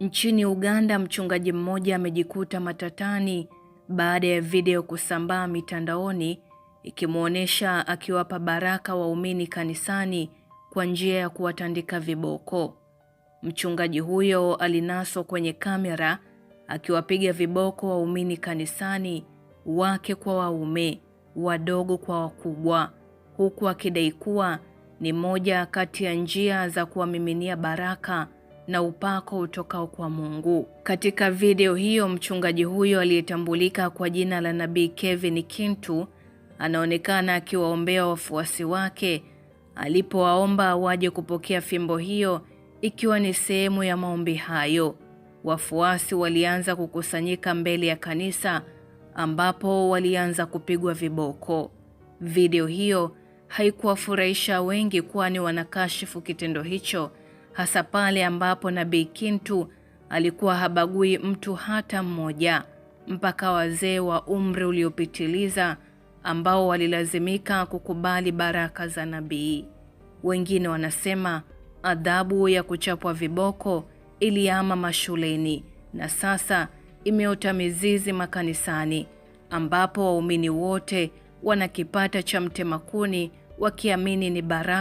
Nchini Uganda mchungaji mmoja amejikuta matatani baada ya video kusambaa mitandaoni ikimwonyesha akiwapa baraka waumini kanisani kwa njia ya kuwatandika viboko. Mchungaji huyo alinaswa kwenye kamera akiwapiga viboko waumini kanisani, wake kwa waume, wadogo kwa wakubwa, huku akidai kuwa ni moja kati ya njia za kuwamiminia baraka na upako utokao kwa Mungu. Katika video hiyo, mchungaji huyo aliyetambulika kwa jina la Nabii Kevin Kintu anaonekana akiwaombea wafuasi wake alipowaomba waje kupokea fimbo hiyo ikiwa ni sehemu ya maombi hayo. Wafuasi walianza kukusanyika mbele ya kanisa ambapo walianza kupigwa viboko. Video hiyo haikuwafurahisha wengi kwani wanakashifu kitendo hicho hasa pale ambapo Nabii Kintu alikuwa habagui mtu hata mmoja, mpaka wazee wa umri uliopitiliza ambao walilazimika kukubali baraka za nabii. Wengine wanasema adhabu ya kuchapwa viboko iliama mashuleni na sasa imeota mizizi makanisani, ambapo waumini wote wana kipata cha mtemakuni wakiamini ni baraka